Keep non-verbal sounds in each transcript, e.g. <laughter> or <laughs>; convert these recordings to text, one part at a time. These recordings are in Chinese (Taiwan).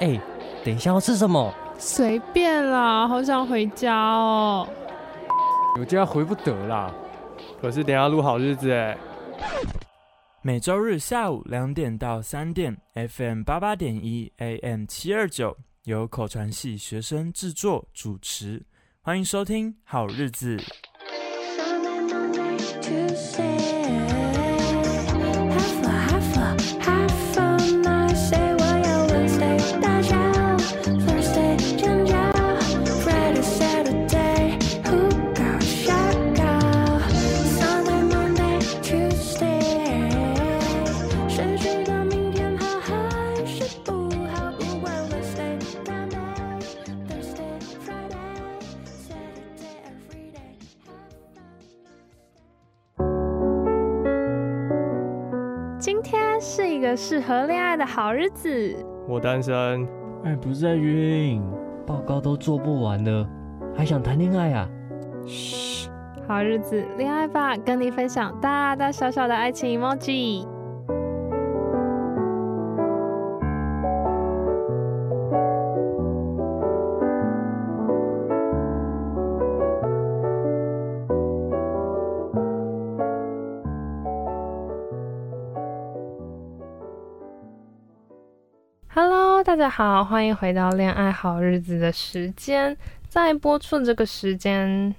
哎、欸，等一下要吃什麼？隨便啦，好想回家哦、喔。有家回不得了啦，可是等一下錄好日子哎、欸。每周日下午兩點到三點，FM 八八點一，AM 七二九，由口傳系學生制作主持，歡迎收聽好日子。 <music> 適合戀愛的好日子，我單身。愛、欸、不在，暈，報告都做不完了，還想談戀愛啊？噓，好日子戀愛吧，跟你分享大大小小的愛情 emoji。大家好，歡迎回到戀愛好日子的時間。在播出這個時間，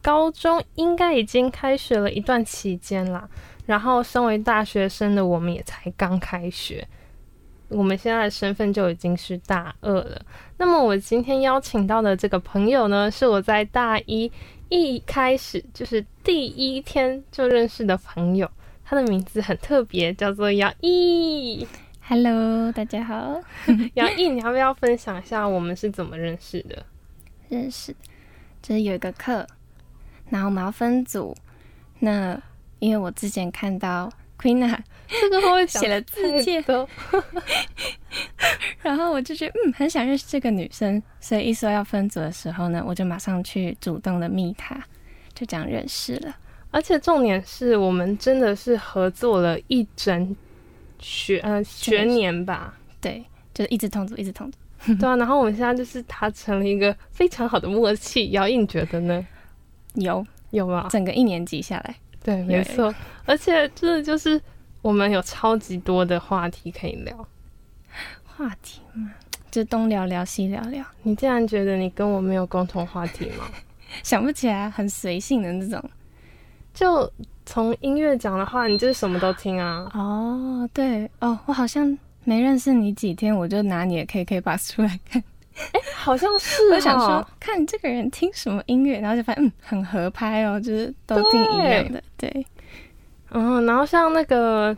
高中應該已經開學了一段期間啦。然後，身為大學生的我們也才剛開學，我們現在的身份就已經是大二了。那麼，我今天邀請到的這個朋友呢，是我在大一一開始就是第一天就認識的朋友，他的名字很特別，叫做搖曳。Hello，大家好。搖 <laughs> 曳，你要不要分享一下我們是怎麼認識的？ <laughs> 認識，這、就是、有一個課，然後我們要分組。那因為我之前看到 Queen 啊，這個我寫了字帖， <laughs> 然後我就覺得嗯，很想認識這個女生，所以一說要分組的時候呢，我就馬上去主動的密她，就這樣認識了。而且重點是我們真的是合作了一整。學嗯學年吧，對，就是一直同組，一直同組，對啊。然後我們現在就是達成了一個非常好的默契。姚穎覺得呢？ <laughs> 有有啊，整個一年級下來，對，沒錯。 <laughs> 而且真的就是我們有超級多的話題可以聊。話題嘛？就東聊聊西聊聊。你竟然覺得你跟我沒有共同話題嗎？ <laughs> 想不起來，很隨性的那種，就。從音樂講的話，你就是什麼都聽啊？哦，對，哦，我好像沒認識你幾天，我就拿你的 KKBOX 出來看，哎、欸，好像是、哦，我就想說看你這個人聽什麼音樂，然後就發現嗯，很合拍哦，就是都聽音樂的，對，對嗯，然後像那個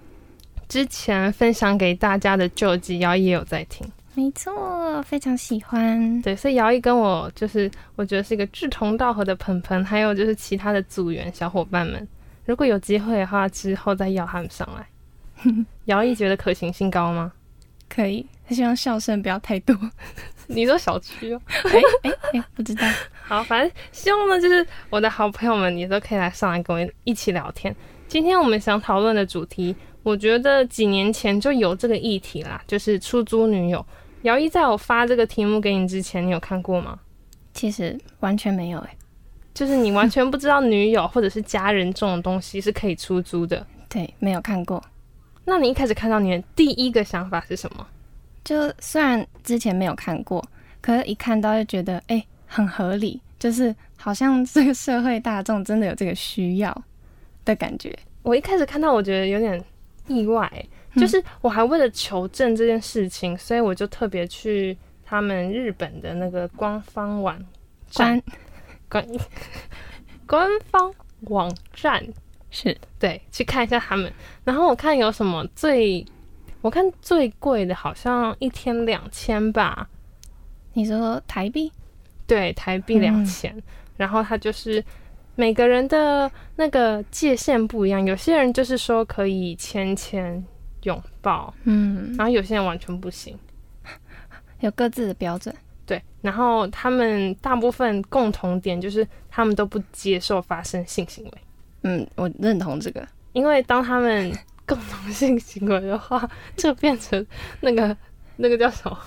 之前分享給大家的舊集，搖曳也有在聽，沒錯，非常喜歡，對，所以搖曳跟我就是我覺得是一個志同道合的朋朋，還有就是其他的組員小伙伴們。如果有機會的話，之後再邀他們上來。 <laughs> 搖曳覺得可行性高嗎？可以，他希望笑聲不要太多。 <laughs> 你說小區哦？哎哎、 <laughs> 欸，哎、欸欸，不知道。好，反正希望呢，就是我的好朋友們，你都可以來上來跟我一起聊天。今天我們想討論的主題，我覺得幾年前就有這個議題啦，就是出租女友。搖曳，在我發這個題目給你之前，你有看過嗎？其實完全沒有哎、欸。就是你完全不知道女友或者是家人這種東西是可以出租的。嗯、對，沒有看過。那你一開始看到，你的第一個想法是什麼？就雖然之前沒有看過，可是一看到就覺得，哎、欸，很合理，就是好像這個社會大眾真的有這個需要的感覺。我一開始看到，我覺得有點意外，就是我還為了求證這件事情，所以我就特別去他們日本的那個官方網站。官官方網站是對，去看一下他們。然後我看有什麼最，我看最貴的，好像一天兩千吧。你說說台幣？對，台幣兩千。嗯，然後他就是每個人的那個界限不一樣，有些人就是說可以牽牽手擁抱，嗯，然後有些人完全不行，有各自的標準。對，然後他們大部分共同點就是他們都不接受發生性行為。嗯，我認同這個，因為當他們共同性行為的話，就變成那個 <laughs> 那個叫什麼？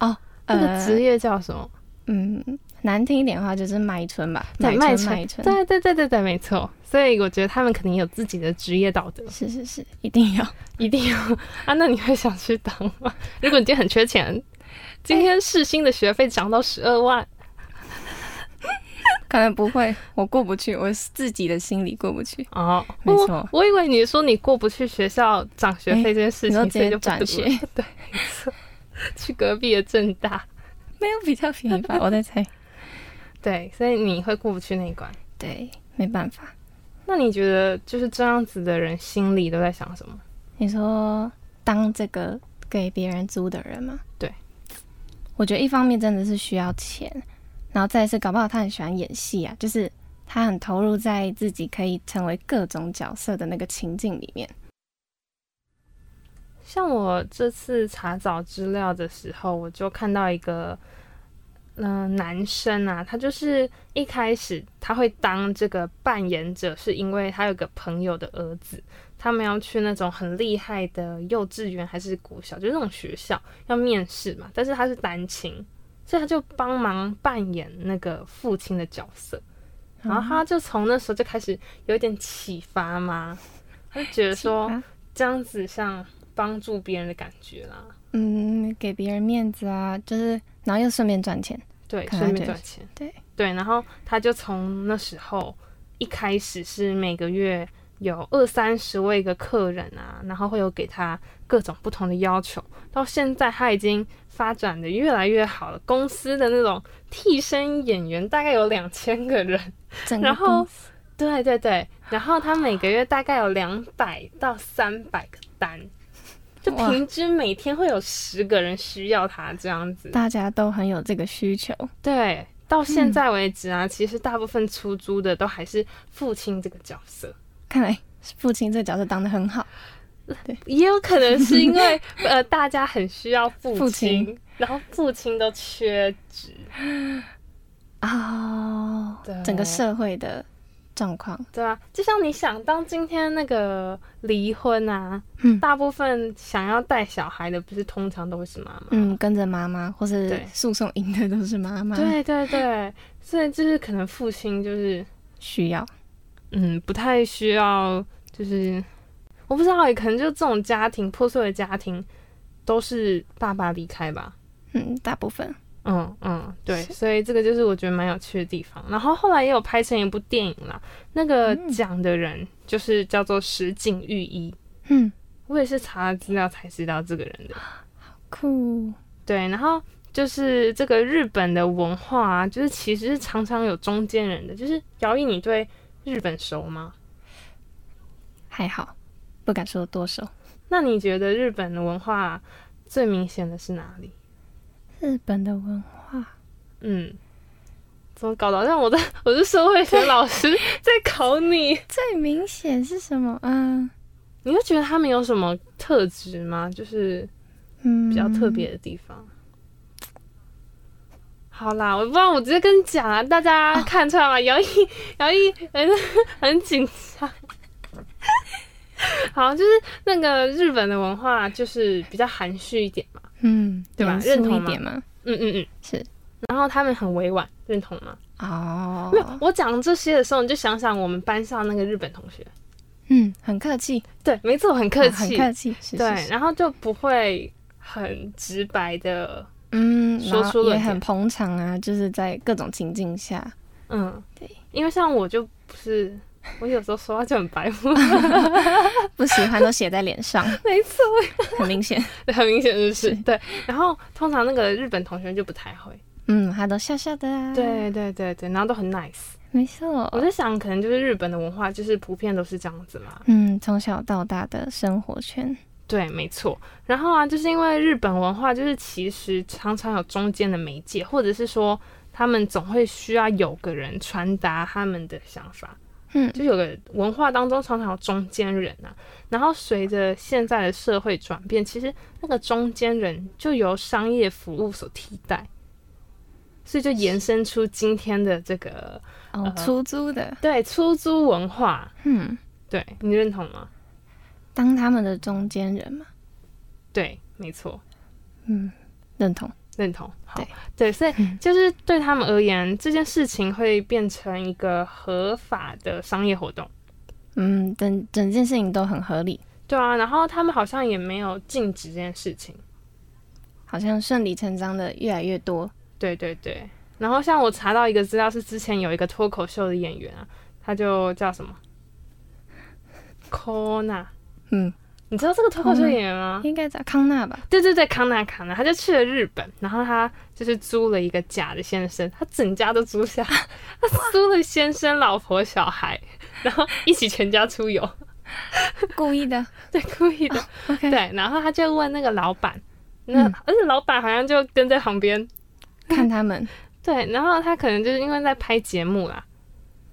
哦，那個職業叫什麼？呃、嗯，難聽一點的話就是賣春吧。對，賣春。對對對對對，沒錯。所以我覺得他們肯定有自己的職業道德。是是是，一定要，一定要 <laughs> <laughs> 啊！那你會想去當嗎？ <laughs> 如果你今天很缺錢。今天世新的學費漲到十二萬， <laughs> 可能不會，我過不去，我自己的心裡過不去。哦、oh, 錯，沒錯，我以為你說你過不去學校漲學費這件事情、欸，所以就轉學，對， <laughs> 去隔壁的政大，沒有比較便宜，我在猜。 <laughs> 對，所以你會過不去那一關。對，沒辦法。那你覺得就是這樣子的人心裡都在想什麼？你說當這個給別人租的人嗎？對。我覺得一方面真的是需要錢，然後再是，搞不好他很喜歡演戲啊，就是他很投入在自己可以成為各種角色的那個情境裡面。像我這次查找資料的時候，我就看到一個嗯、呃、男生啊，他就是一開始他會當這個扮演者，是因為他有個朋友的兒子。他們要去那種很厲害的幼稚園還是國小，就是那種學校要面試嘛。但是他是單親，所以他就幫忙扮演那個父親的角色。嗯哼，然後他就從那時候就開始有點啟發嘛，他就覺得說這樣子像幫助別人的感覺啦，嗯，給別人面子啊，就是然後又順便賺錢，對，就是、順便賺錢，對對。然後他就從那時候一開始是每個月。有二三十位個客人啊，然後會有給他各種不同的要求。到現在他已經發展的越來越好了，公司的那種替身演員大概有兩千個人，個，然後對對對，然後他每個月大概有兩百到三百個單，哇就平均每天會有十個人需要他這樣子，大家都很有這個需求。對，到現在為止啊，嗯、其實大部分出租的都還是父親這個角色。看來父親這角色當得很好，對，也有可能是因為 <laughs> 呃，大家很需要父親，父親然後父親都缺職啊，哦、對整個社會的狀況，對啊，就像你想當今天那個離婚啊，嗯、大部分想要帶小孩的，不是通常都會是媽媽，嗯，跟着媽媽，或是訴訟贏的都是媽媽，對對對，所以就是可能父親就是需要。嗯，不太需要，就是我不知道，也可能就這種家庭破碎的家庭，都是爸爸離開吧。嗯，大部分。嗯嗯，對，是所以這個就是我覺得蠻有趣的地方。然後後來也有拍成一部電影了，那個講的人就是叫做石井裕也。嗯，我也是查了資料才知道這個人的。好酷。對，然後就是這個日本的文化啊，就是其實是常常有中間人的，就是搖曳，你對？日本熟嗎？還好，不敢說多熟。那你覺得日本的文化最明顯的是哪裡？日本的文化，嗯，怎麼搞的？像我的，我是社會學老師，在考你。最明顯是什麼？嗯、uh，你會覺得他們有什麼特質嗎？就是嗯，比較特別的地方。嗯好啦，我不知道，我直接跟你講啊，大家看出來嗎？搖曳，哦，搖曳，欸，很很緊張。 <laughs> 好，就是那個日本的文化，就是比較含蓄一點嘛，嗯，對吧？認同一點嘛，嗯嗯嗯，嗯是。然後他們很委婉，認同嗎？哦，沒有。我講這些的時候，你就想想我們班上那個日本同學，嗯，很客氣，對，沒錯，很客氣，啊，很客氣，是是是對。然後就不會很直白的。嗯，說出了也很捧場啊，說出了就是在各種情境下。嗯，對，因為像我就不是，我有時候說話就很白話， <laughs> <laughs> 不喜歡都寫在臉上，沒錯， <laughs> 很明顯，很明顯就是，是對。然後通常那個日本同學就不太會，嗯，他都笑笑的啊，對對對對，然後都很 nice，沒錯錯。我在想，可能就是日本的文化，就是普遍都是這樣子嘛。嗯，從小到大的生活圈。對，沒錯。然後啊，就是因為日本文化，就是其實常常有中間的媒介，或者是說他們總會需要有個人傳達他們的想法。嗯，就有個文化當中常常有中間人吶、啊。然後隨着現在的社會轉變，其實那個中間人就由商業服務所替代，所以就延伸出今天的這個、呃哦、出租的對，出租文化。嗯，對，你認同嗎？當他們的中間人嘛，對，沒錯，嗯，認同，認同，好，對，對，所以，嗯，就是對他們而言，這件事情會變成一個合法的商業活動，嗯，整整件事情都很合理，對啊，然後他們好像也沒有禁止這件事情，好像順理成章的越來越多，對對對，然後像我查到一個資料是之前有一個脫口秀的演員啊，他就叫什麼，Kona <laughs> 嗯，你知道這個脫口秀演員嗎？應該叫康納吧。對對對，康納康納，他就去了日本，然後他就是租了一個假的先生，他整家都租下，他租了先生、老婆、小孩， <laughs> 然後一起全家出遊，故意的，對，故意的，oh, okay. 對。然後他就問那個老闆，那、嗯、而且老闆好像就跟在旁邊看他們、嗯。對，然後他可能就是因為在拍節目啦。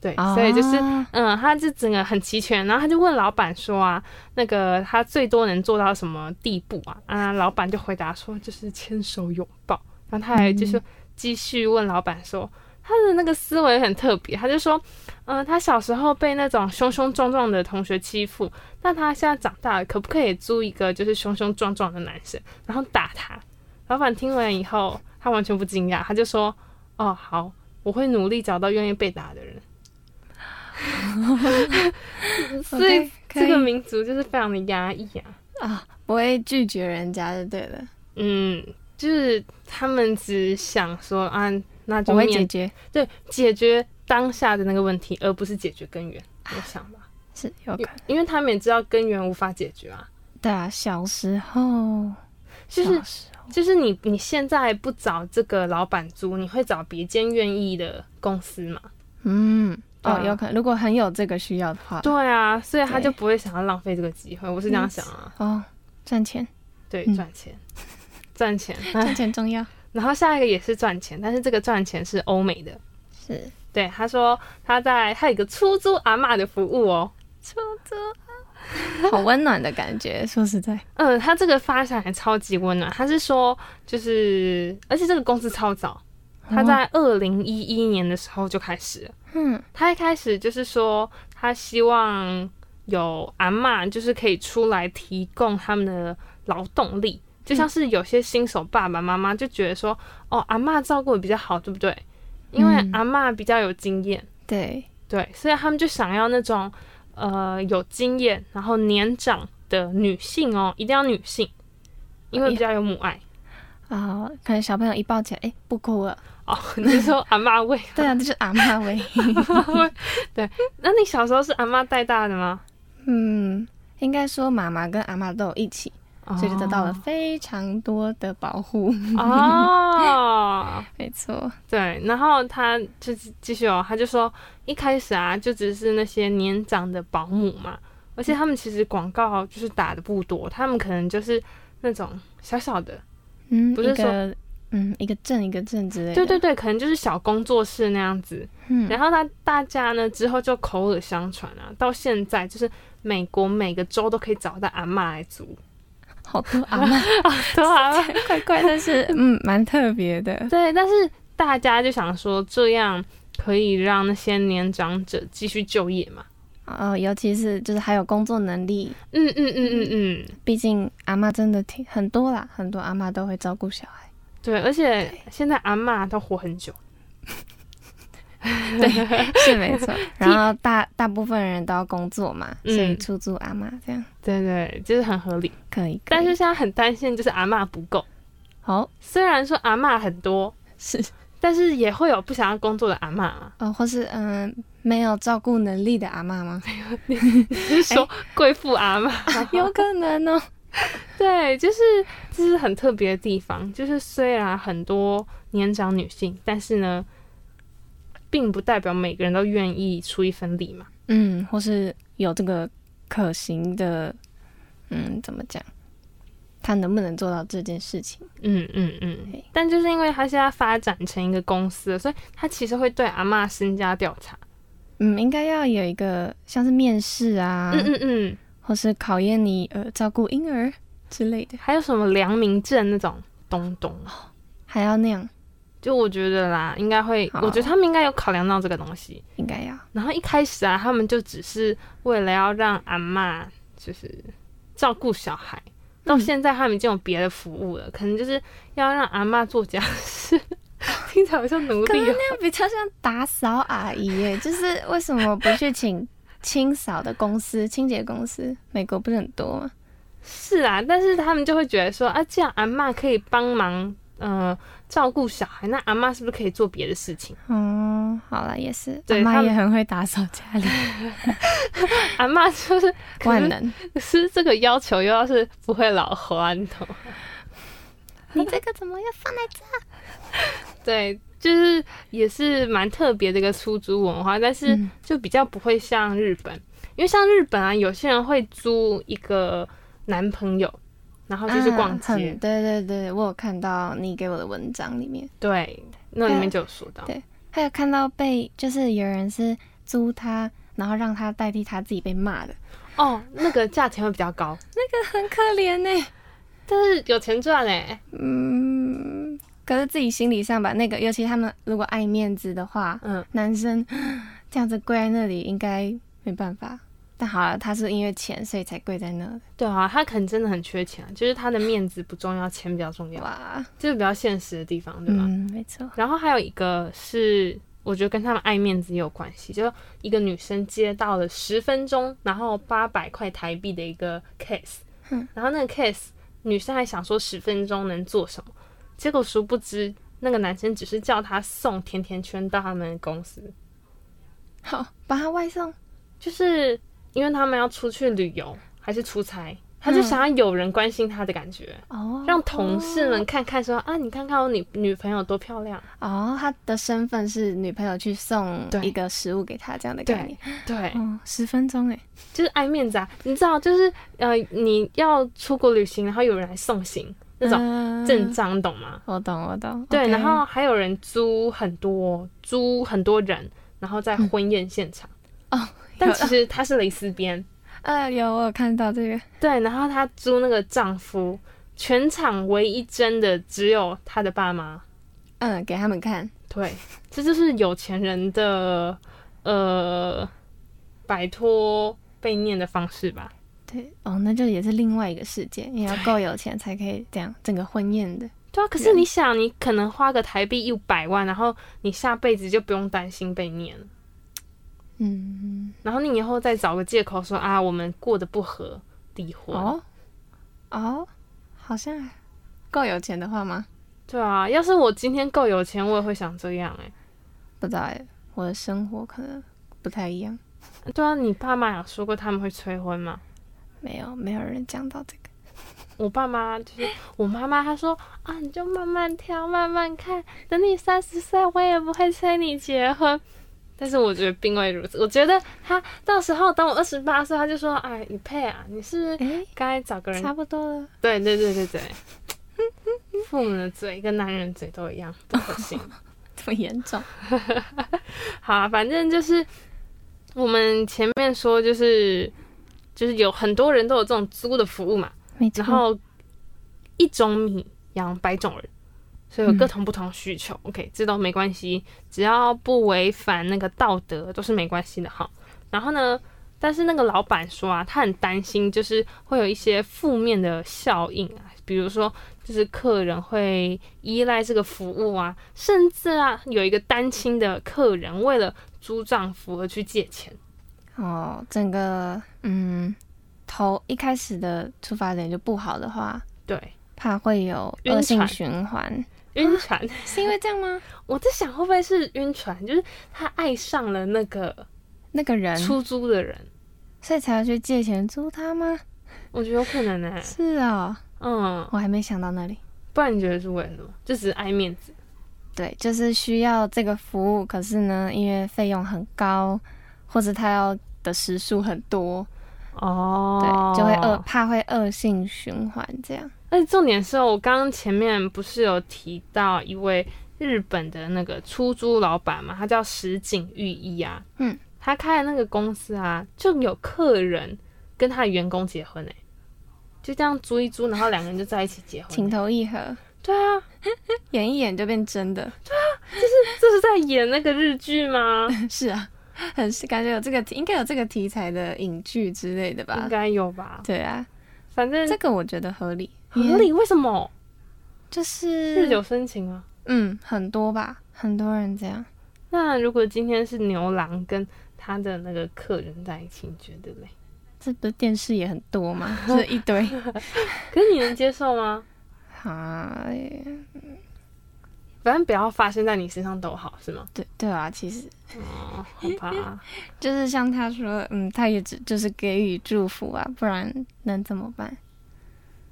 對，所以就是，嗯，他就整個很齊全，然後他就問老闆說啊，那個他最多能做到什麼地步啊？啊，老闆就回答說，就是牽手擁抱。然後他還就是繼續問老闆說，他的那個思維很特別，他就說，嗯，他小時候被那種凶凶壯壯的同學欺負，但他現在長大了，可不可以租一個就是凶凶壯壯的男生，然後打他？老闆聽完以後，他完全不驚訝，他就說，哦，好，我會努力找到願意被打的人。 <laughs> okay, okay. 所以這個民族就是非常的壓抑啊！啊，uh, 不會拒絕人家就對了。嗯，就是他們只想說啊，那就會解決，對，解決當下的那個問題，而不是解決根源。我、uh, 想吧，是有可能，因為他們也知道根源無法解決啊。對啊，小時候，小時候就是就是你你現在不找這個老板租，你會找別間願意的公司嗎？嗯。哦，有可能。如果很有這個需要的話，對啊，所以他就不會想要浪費這個機會。我是這樣想啊、嗯，哦，賺錢，對，賺錢，賺、嗯、錢，賺錢重要。然後下一個也是賺錢，但是這個賺錢是歐美的，是，對，他說他在他有一個出租阿嬤的服務哦，出租阿、啊、好溫暖的感覺。 <laughs> 說實在，嗯、呃，他這個發展還超級溫暖。他是說，就是，而且這個公司超早，他在二零一一年的時候就開始了。嗯，他一開始就是說，他希望有阿嬤，就是可以出來提供他們的勞動力，就像是有些新手爸爸媽媽就覺得說，哦，阿嬤照顧比較好，對不對？因為阿嬤比較有經驗、嗯。對對，所以他們就想要那種呃有經驗，然後年長的女性哦，一定要女性，因為比較有母愛啊、哦，可能小朋友一抱起來，哎、欸，不哭了。你、哦、說阿媽喂， <laughs> 對啊，這、就是阿媽喂。 <laughs> <laughs> 對，那你小時候是阿媽帶大的嗎？嗯，應該說媽媽跟阿媽都有一起，哦、所以就得到了非常多的保護。 <laughs> 哦， <laughs> 沒錯。對，然後他就繼續哦，他就說一開始啊，就只是那些年長的保姆嘛，而且他們其實廣告就是打的不多，嗯、他們可能就是那種小小的，嗯，不是說。嗯，一個鎮一個鎮之類。對對對，可能就是小工作室那樣子。嗯，然後他大家呢之後就口耳相傳啊，到現在就是美國每個州都可以找到阿嬤來租，好多阿嬤、 <laughs> 哦、多阿嬤 <laughs> <laughs> 怪怪的，但是 <laughs> 嗯，蠻特別的。對，但是大家就想說這樣可以讓那些年長者繼續就業嘛，啊、哦，尤其是就是還有工作能力，嗯嗯嗯嗯嗯，畢竟阿嬤真的挺很多啦，很多阿嬤都會照顧小孩。對，而且現在阿嬤都活很久，對， <laughs> 是沒錯。然後大大部分人都要工作嘛，嗯、所以出租阿嬤這樣，對，對對，就是很合理，可以，可以。但是現在很擔心，就是阿嬤不夠好。雖然說阿嬤很多，是，但是也會有不想要工作的阿嬤啊、哦，或是嗯、呃，沒有照顧能力的阿嬤嗎？ <laughs> 說貴婦阿嬤，有可能哦。 <laughs> 對，就是這是很特別的地方。就是雖然很多年長女性，但是呢，並不代表每個人都願意出一份力嘛。嗯，或是有這個可行的，嗯，怎麼講，他能不能做到這件事情。嗯嗯嗯。嗯嗯對但就是因為他現在發展成一個公司，所以他其實會對阿嬤身家調查。嗯，應該要有一個像是面試啊。嗯嗯嗯。嗯嗯或是考驗你呃照顧嬰兒之類的，還有什麼良民證那種東東還要那樣？就我覺得啦，應該會，好我覺得他們應該有考量到這個東西，應該要。然後一開始啊，他們就只是為了要讓阿嬤就是照顧小孩，到現在他們已經有別的服務了，嗯、可能就是要讓阿嬤做家事，聽起來好像奴隸，可能那樣比較像打掃阿姨，就是為什麼不去請？ <laughs> 清掃的公司，清潔公司，美國不是很多嗎？是啊，但是他們就會覺得說啊，這樣阿嬤可以幫忙，嗯、呃，照顧小孩，那阿嬤是不是可以做別的事情？哦、嗯，好了，也是，阿嬤也很會打掃家裡。他們 <laughs> 阿嬤就是，可是萬能，是這個要求，又要是不會老歡的。 <laughs> 你這個怎麼又放在這？ <laughs> 對。就是也是蠻特別的一個出租文化，但是就比較不會像日本，嗯、因為像日本啊，有些人會租一個男朋友，然後就是逛街、啊。對對對，我有看到你給我的文章裡面，對，那裡面就有說到有。對，還有看到被，就是有人是租他，然後讓他代替他自己被罵的。哦，那個價錢會比較高。 <laughs> 那個很可憐呢、欸，但是有錢賺呢、欸。嗯。可是自己心理上吧，那個尤其他們如果愛面子的話，嗯，男生這樣子跪在那裡應該沒辦法。但好了，他是因為錢所以才跪在那裡。對啊，他可能真的很缺錢、啊，就是他的面子不重要，錢比較重要。哇，就是比較現實的地方，對吧？嗯，沒錯。然後還有一個是，我覺得跟他們愛面子也有關係，就是一個女生接到了十分鐘，然後八百塊台幣的一個 case，嗯，然後那個 case 女生還想說十分鐘能做什麼。結果，殊不知那個男生只是叫她送甜甜圈到他們公司，好把她外送，就是因為他們要出去旅遊還是出差，他就想要有人關心他的感覺哦，嗯、讓同事們看看說、哦、啊，你看看我女女朋友多漂亮哦。他的身份是女朋友去送一個食物給他這樣的概念，對，對、哦，十分鐘誒，就是愛面子啊，你知道，就是呃，你要出國旅行，然後有人來送行。那種陣仗，uh, 懂嗎？我懂，我懂，我懂。對，Okay. 然後還有人租很多，租很多人，然後在婚宴現場。哦、嗯，oh, 但其實他是蕾絲邊。呃，uh, uh, 有，我有看到這個。對，然後他租那個丈夫，全場唯一真的只有他的爸媽。嗯，uh, 給他們看。對，這就是有錢人的呃，擺脫被念的方式吧。對哦，那就也是另外一個世界，你要夠有錢才可以這樣對整個婚宴的。對啊，可是你想，你可能花個台幣一百萬，然後你下輩子就不用擔心被念了。嗯，然後你以後再找個借口說啊，我們過得不合，離婚。哦，哦，好像夠有錢的話嗎？對啊，要是我今天夠有錢，我也會想這樣哎、欸。不知道、欸，我的生活可能不太一樣。對啊，你爸媽有說過他們會催婚嗎？沒有，沒有人講到這個。 <laughs> 我爸媽就是我媽媽，她說啊，你就慢慢挑，慢慢看，等你三十歲，我也不會催你結婚。但是我覺得並未如此，我覺得她到時候等我二十八歲，她就說啊，雨、哎、佩啊，你是不是該找個人、欸、差不多了。對對對對對， <laughs> 父母的嘴跟男人嘴都一樣都不可信， <laughs> 這麼嚴重。 <laughs> 好、啊，反正就是我們前面說就是。就是有很多人都有這種租的服務嘛，沒錯。然後一種米養百種人，所以有各種不同需求。嗯、OK，這都沒關係，只要不違反那個道德都是沒關係的哈。然後呢，但是那個老闆說啊，他很擔心，就是會有一些負面的效應啊，比如說就是客人會依賴這個服務啊，甚至啊有一個單親的客人為了租丈夫而去借錢。哦，整個嗯，頭一開始的出發點就不好的話，對，怕會有惡性循環。暈船，船、啊、是因為這樣嗎？我在想會不會是暈船，就是他愛上了那個那個人出租的人，人，所以才要去借錢租他嗎？我覺得有可能呢、欸。是啊、喔，嗯，我還沒想到那裡。不然你覺得是為了什麼？就只是愛面子。對，就是需要這個服務，可是呢，因為費用很高，或者他要。的時數很多哦，oh. 對，就會惡，怕會惡性循環這樣。而且重點是，哦，我剛剛前面不是有提到一位日本的那個出租老闆嘛，他叫石井裕一啊，嗯，他開的那個公司啊，就有客人跟他的員工結婚哎，就這樣租一租，然後兩個人就在一起結婚， <laughs> 情投意合，對啊， <laughs> 演一演就變真的，對啊，就是這是在演那個日劇嗎？ <laughs> 是啊。很是感覺有這個，應該有這個題材的影劇之類的吧？應該有吧？對啊，反正這個我覺得合理。合理？為什麼？就是日久生情啊。嗯，很多吧，很多人這樣。那如果今天是牛郎跟他的那個客人在一起，你覺得嘞？這的電視也很多嘛，這、就是、一堆。 <laughs> <laughs> 可是你能接受嗎？哎。 <laughs> 反正不要發生在你身上都好，是嗎？對對啊，其實哦，很怕啊， <laughs> 就是像他說，嗯，他也只就是給予祝福啊，不然能怎麼辦？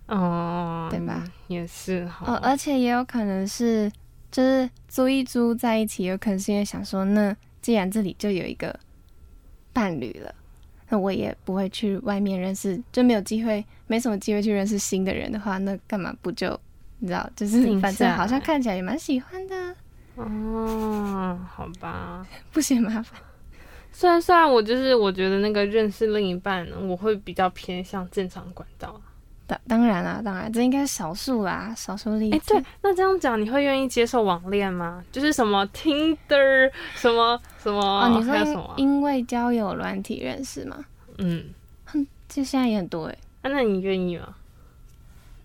哦，對吧？也是哈。哦，而且也有可能是，就是租一租在一起，有可能是因為想說，那既然這裡就有一個伴侶了，那我也不會去外面認識，就沒有機會，沒什麼機會去認識新的人的話，那幹嘛不就？你知道，就是反正好像看起來也蠻喜歡的哦。好吧， <laughs> 不嫌麻煩。雖然雖然我就是我覺得那個認識另一半，我會比較偏向正常管道。當當然啦、啊，當然這應該是少數啦，少數例子。哎、欸，對，那這樣講，你會願意接受網戀嗎？就是什麼 Tinder，什麼什麼啊、哦？你會因為交友軟體認識嗎？嗯，哼，就現在也很多哎、欸。啊，那你願意嗎？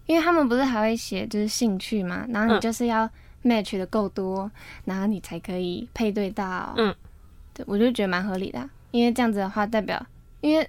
因為他們不是還會寫就是興趣嘛，然後你就是要 match 的夠多，嗯、然後你才可以配對到。嗯，對，我就覺得蠻合理的，因為這樣子的話代表，因為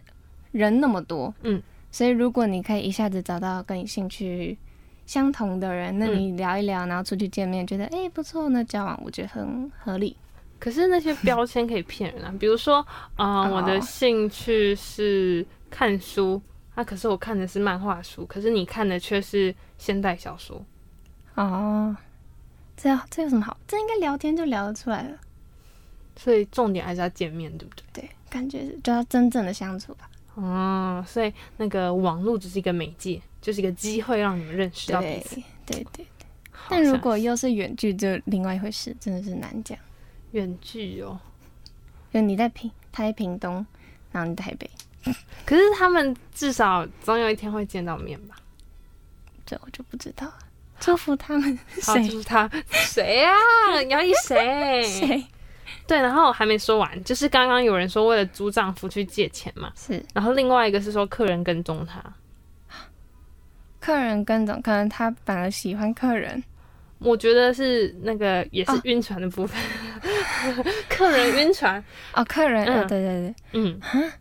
人那麼多，嗯，所以如果你可以一下子找到跟你興趣相同的人，嗯、那你聊一聊，然後出去見面，覺得哎、嗯欸、不錯，那交往我覺得很合理。可是那些標籤可以騙人啊， <laughs> 比如說，嗯、呃，Oh. 我的興趣是看書。那、啊、可是我看的是漫畫書，可是你看的卻是現代小說。哦，這這有什麼好？這應該聊天就聊得出來了。所以重點還是要見面對不對？對，感覺就要真正的相處吧。哦，所以那個網絡只是一個媒介，就是一個機會讓你們認識到彼此。對，對對對。好但如果又是遠距，就另外一回事，真的是難講。遠距哦，就你在平台，屏東，然後你在台北。可是他們至少總有一天會見到面吧？這我就不知道。祝福他們。啊、誰好，祝福他誰啊？你要誰？誰誰？對，然後我還沒說完，就是剛剛有人說為了租丈夫去借錢嘛，是。然後另外一個是說客人跟蹤他客跟，客人跟蹤，可能他反而喜歡客人。我覺得是那個也是暈船的部分，哦、 <laughs> 客人暈船哦，客人、嗯哦、對對對，嗯。嗯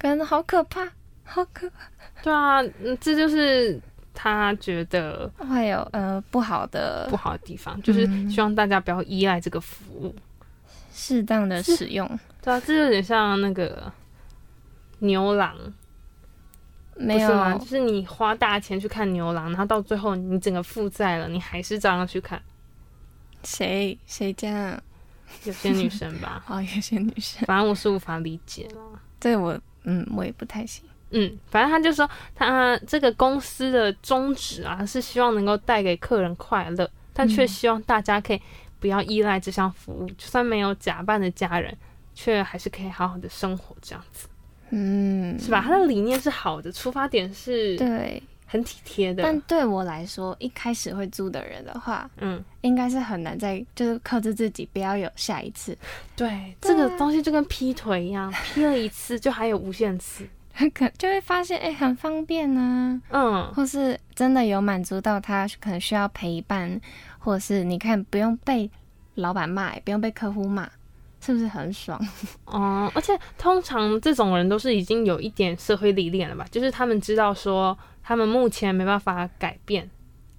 真的好可怕，好可怕！對啊、嗯，這就是他覺得會有呃不好的不好的地方，呃嗯、就是希望大家不要依賴這個服務，適當的使用。對啊，這就有點像那個牛郎，是嗎？沒有？就是你花大錢去看牛郎，然後到最後你整個負債了，你還是照樣去看。誰誰這樣？有些女生吧，啊，有些女生，反正我是無法理解。對我。嗯，我也不太行。嗯，反正他就說他這個公司的宗旨啊，是希望能夠帶給客人快樂，但卻希望大家可以不要依賴這項服務，嗯、就算沒有假扮的家人，卻還是可以好好的生活這樣子。嗯，是吧？他的理念是好的，出發點是。對。很體貼的，但對我來說，一開始會租的人的話，嗯，應該是很難再就是克制自己不要有下一次。對，對啊、這個東西就跟劈腿一樣，劈了一次就還有無限次，很可 <laughs> 就會發現哎、欸、很方便呢、啊，嗯，或是真的有滿足到他可能需要陪伴，或是你看不用被老闆罵、欸，也不用被客戶罵。是不是很爽哦、嗯？而且通常這種人都是已經有一點社會歷練了吧？就是他們知道說他們目前沒辦法改變，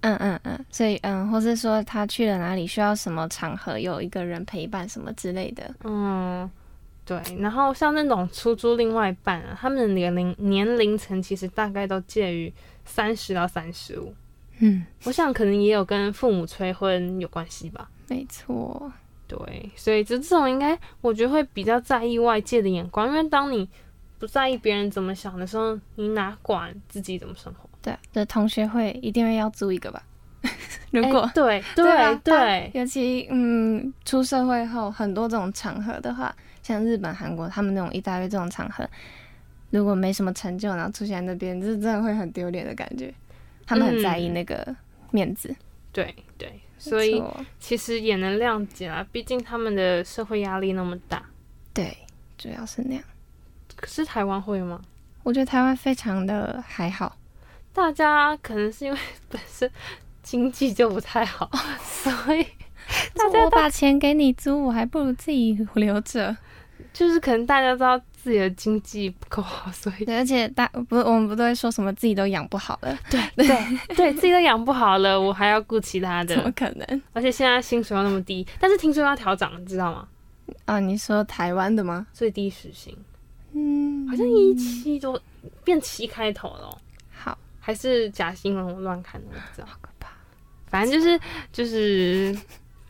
嗯嗯嗯，所以嗯，或是說他去了哪裡需要什麼場合有一個人陪伴什麼之類的，嗯，對。然後像那種出租另外一半、啊，他們的年齡年齡層其實大概都介於三十到三十五，嗯，我想可能也有跟父母催婚有關係吧，沒錯。對，所以就這種應該，我覺得會比較在意外界的眼光，因為當你不在意別人怎麼想的時候，你哪管自己怎麼生活？對，的同學會一定會要租一個吧？ <laughs> 如果、欸、對對對，尤其嗯，出社會後很多這種場合的話，像日本、韓國他們那種一大堆這種場合，如果沒什麼成就，然後出現在那邊，就是真的會很丟臉的感覺。他們很在意那個面子。對、嗯、對。對所以其實也能諒解了，啊，畢竟他們的社會壓力那麼大。對，主要是那樣。可是台灣會嗎？我覺得台灣非常的還好。大家可能是因為本身經濟就不太好，oh, 所以大家 <laughs> 我把錢給你租，我還不如自己留着，就是可能大家都知道。自己的經濟不夠好，所以而且大不，我們不都在說什麼自己都養不好了？對對 <laughs> 對，對，自己都養不好了，我還要顧其他的，怎麼可能？而且現在薪水又那麼低，但是聽說要調漲，知道嗎？啊，你說台灣的嗎？最低時薪，嗯，好像一七多變七開頭了，好、嗯，還是假新聞？我亂看的，我不知道。好可怕，反正就是就是，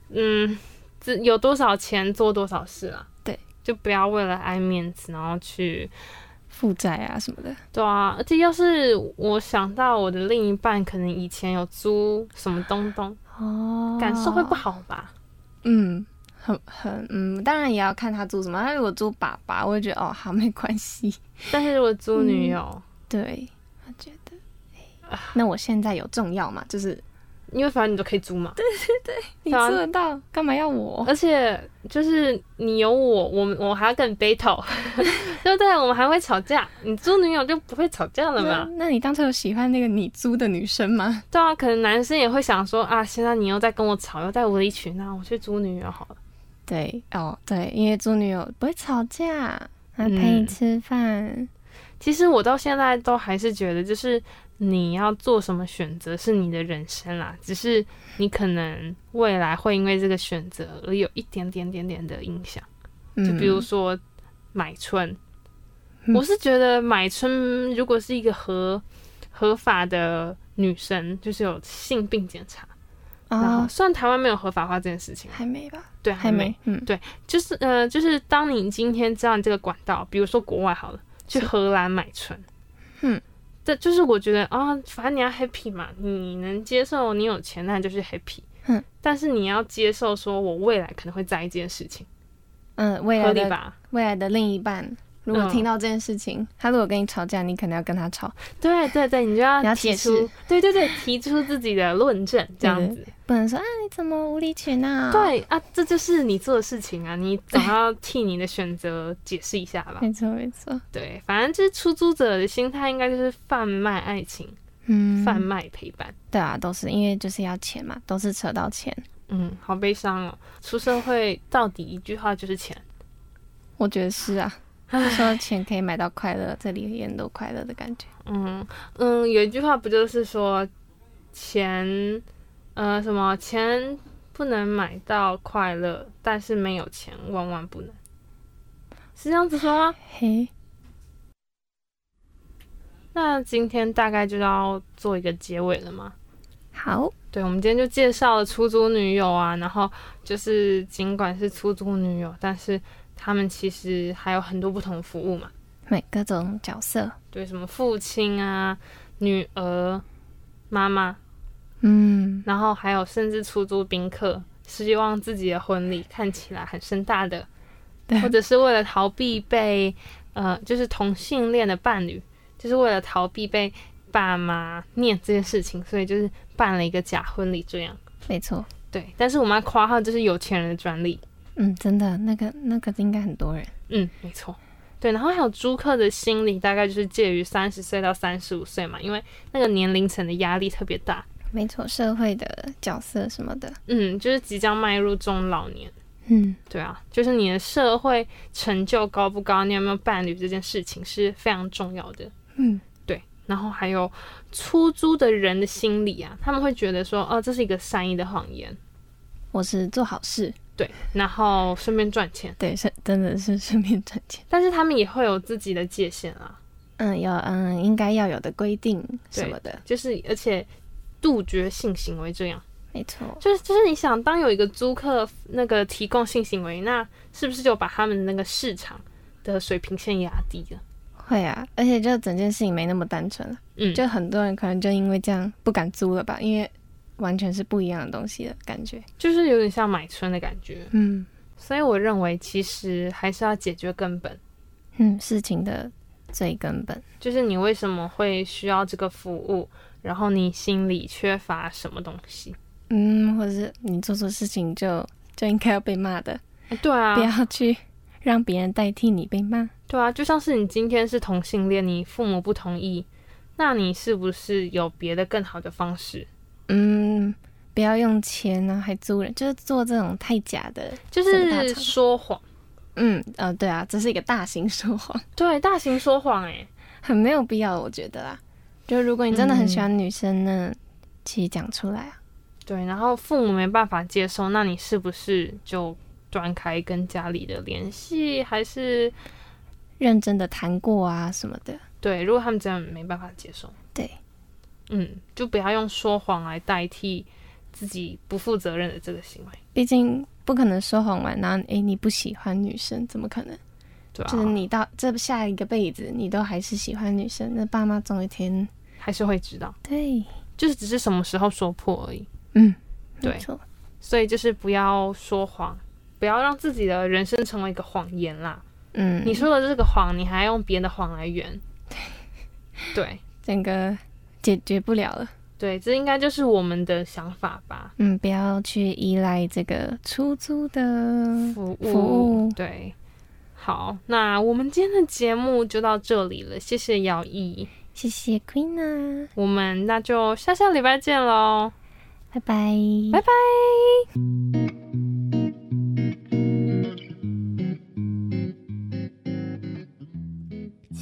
嗯，這有多少錢做多少事啊。就不要為了愛面子，然後去負債啊什麼的。對啊，而且要是我想到我的另一半可能以前有租什麼東東，哦，感受會不好吧？嗯，很很嗯，當然也要看他租什麼。他如果租爸爸，我會覺得哦，好沒關係。但是如果租女友，嗯，對，我覺得，那我現在有重要嗎？就是。因為反正你都可以租嘛，對對對，你租得到，幹、啊、嘛要我？而且就是你有我，我們我還要跟 battle， <laughs> <laughs> 對不對，我們還會吵架。你租女友就不會吵架了嘛？那，那你當初有喜歡那個你租的女生嗎？對啊，可能男生也會想說啊，現在你又在跟我吵，又在無理取鬧，我去租女友好了。對哦，對，因為租女友不會吵架，還陪你吃飯、嗯。其實我到現在都還是覺得，就是。你要做什麼選擇是你的人生啦，只是你可能未來會因為這個選擇而有一點點點點的影響，就比如說買春，嗯、我是覺得買春如果是一個合合法的女生，就是有性病檢查啊，然後雖然台灣沒有合法化這件事情，還沒吧？對，還沒，嗯，對，就是呃，就是當你今天知道你這個管道，比如說國外好了，去荷蘭買春，嗯這就是我覺得啊，哦，反正你要 happy 嘛，你能接受你有錢，那你就去 happy，嗯。但是你要接受，說我未來可能會在意一件事情，嗯，未來的吧未來的另一半。如果聽到這件事情，嗯、他如果跟你吵架，你可能要跟他吵。對對對，你就要要提出，對對對，提出自己的論證,這樣子，對對對，不能說啊，你怎麼無理取鬧？對啊，這就是你做的事情啊，你總要替你的選擇解釋一下吧。沒錯沒錯，對，反正就是出租者的心態，應該就是販賣愛情，嗯，販賣陪伴。對啊，都是因為就是要錢嘛，都是扯到錢。嗯，好悲傷哦，出社會到底一句話就是錢？我覺得是啊。他們說錢可以買到快樂， <laughs> 這裡人都快樂的感覺。嗯嗯，有一句話不就是說，錢，呃，什麼錢不能買到快樂，但是沒有錢萬萬不能，是這樣子說嗎？嘿，那今天大概就要做一個結尾了嗎？好，對，我們今天就介紹了出租女友啊，然後就是儘管是出租女友，但是。他們其實還有很多不同服務嘛，每各種角色，對什麼父親啊、女兒、媽媽，嗯，然後還有甚至出租賓客，是希望自己的婚禮看起來很盛大的，對或者是為了逃避被呃，就是同性戀的伴侶，就是為了逃避被爸媽念這件事情，所以就是辦了一個假婚禮這樣。沒錯錯，對，但是我媽誇號就是有錢人的專利。嗯，真的，那個那個應該很多人。嗯，沒錯。對，然後還有租客的心理，大概就是介於三十歲到三十五歲嘛，因為那個年齡層的壓力特別大。沒錯，社會的角色什麼的。嗯，就是即將邁入中老年。嗯，對啊，就是你的社會成就高不高，你有沒有伴侶，這件事情是非常重要的。嗯，對。然後還有出租的人的心理啊，他們會覺得說，哦，這是一個善意的謊言，我是做好事。對，然後順便賺錢。對，順真的是順便賺錢，但是他們也會有自己的界限啊。嗯，要，嗯，應該要有的規定什麼的，就是而且杜絕性行為這樣。沒錯，就是就是你想，當有一個租客那個提供性行為，那是不是就把他們那個市場的水平線壓低了？會啊，而且就整件事情沒那麼單純了。嗯，就很多人可能就因為這樣不敢租了吧，因為。完全是不一樣的東西的感覺，就是有點像買春的感覺。嗯，所以我認為其實還是要解決根本，嗯，事情的最根本就是你為什麼會需要這個服務，然後你心裡缺乏什麼東西。嗯，或者是你做錯事情就就應該要被罵的、欸。對啊，不要去讓別人代替你被罵。對啊，就像是你今天是同性戀，你父母不同意，那你是不是有別的更好的方式？嗯，不要用錢啊，還租人，就是做這種太假的，就是說謊。嗯，呃，對啊，這是一個大型說謊，對，大型說謊、欸，哎，很沒有必要，我覺得啊，就如果你真的很喜歡女生呢，嗯、其實講出來啊。對，然後父母沒辦法接受，那你是不是就斷開跟家裡的聯繫，還是認真的談過啊什麼的？對，如果他們這樣沒辦法接受，對。嗯，就不要用說謊來代替自己不負責任的這個行為。畢竟不可能說謊完，然後哎、欸，你不喜歡女生，怎麼可能？對啊。就是你到這下一個輩子，你都還是喜歡女生，那爸媽總有一天還是會知道。對，就是只是什麼時候說破而已。嗯，對。沒錯。所以就是不要說謊，不要讓自己的人生成為一個謊言啦。嗯，你說的這個謊，你還要用別人的謊來圓。 <laughs> 對，整個。解決不了了，對，這應該就是我們的想法吧。嗯，不要去依賴這個出租的服務、服務。對，好，那我們今天的節目就到這裡了，謝謝搖曳，謝謝 Queen 啊，我們那就下下禮拜見嘍，拜拜 bye，拜拜 bye。嗯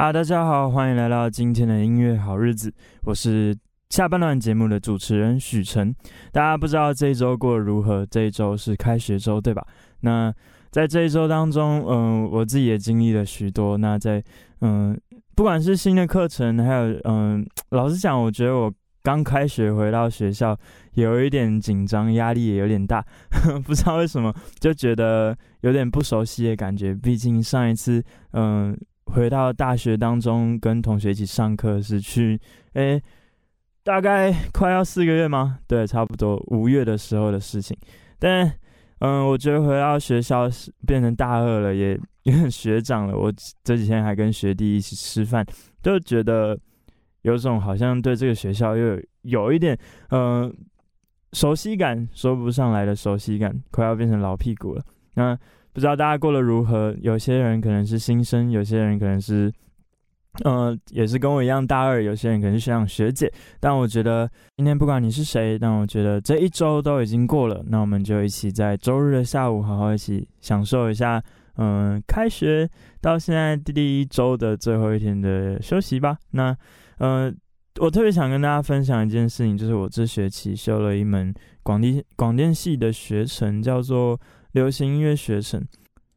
好、啊，大家好，歡迎來到今天的音樂好日子。我是下半段節目的主持人許晨。大家不知道這一周過得如何？這一周是開學周，對吧？那在這一周當中，嗯、呃，我自己也經歷了許多。那在嗯、呃，不管是新的課程，還有嗯、呃，老實講，我覺得我剛開學回到學校，有一點緊張，壓力也有點大。呵呵，不知道為什麼，就覺得有點不熟悉的感覺。畢竟上一次，嗯、呃。回到大學當中，跟同學一起上課是去，誒、欸，大概快要四個月嗎？對，差不多五月的時候的事情。但，嗯，我覺得回到學校是變成大二了，也因為學長了。我這幾天還跟學弟一起吃飯，就覺得有種好像對這個學校又有，有一點，嗯，熟悉感，說不上來的熟悉感，快要變成老屁股了。那。不知道大家過得如何？有些人可能是新生，有些人可能是，嗯、呃，也是跟我一樣大二，有些人可能是學長學姐。但我覺得今天不管你是誰，但我覺得這一周都已經過了，那我們就一起在周日的下午好好一起享受一下，嗯、呃，開學到現在第一周的最後一天的休息吧。那，嗯、呃，我特別想跟大家分享一件事情，就是我這學期修了一門廣電廣電系的學程，叫做。流行音樂學程，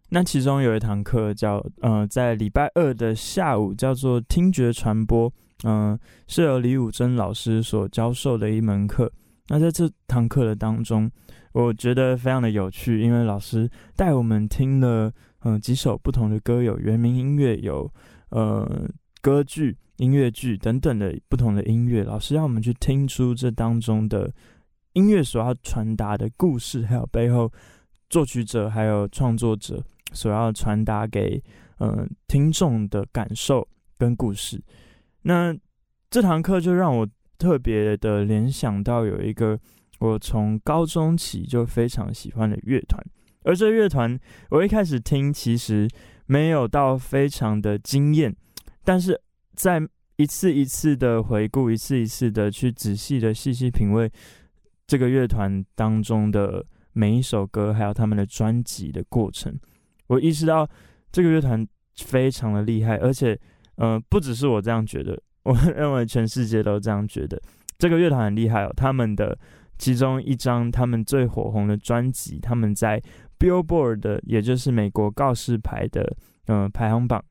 那其中有一堂課叫“呃，在禮拜二的下午叫做聽覺傳播”，嗯、呃，是由李武珍老師所教授的一門課。那在這堂課的當中，我覺得非常的有趣，因為老師帶我們聽了嗯、呃、幾首不同的歌，有原民音樂，有呃歌劇、音樂劇等等的不同的音樂。老師讓我們去聽出這當中的音樂所要傳達的故事，還有背後。作曲者還有創作者所要傳達給嗯、呃、聽眾的感受跟故事，那這堂課就讓我特別的聯想到有一個我從高中起就非常喜歡的樂團，而這樂團我一開始聽其實沒有到非常的驚艷，但是在一次一次的回顧，一次一次的去仔細的細細品味這個樂團當中的。每一首歌，還有他們的專輯的過程，我意識到這個樂團非常的厲害，而且，呃，不只是我這樣覺得，我認為全世界都這樣覺得，這個樂團很厲害哦。他們的其中一張他們最火紅的專輯，他們在 Billboard，也就是美國告示牌的，嗯、呃，排行榜，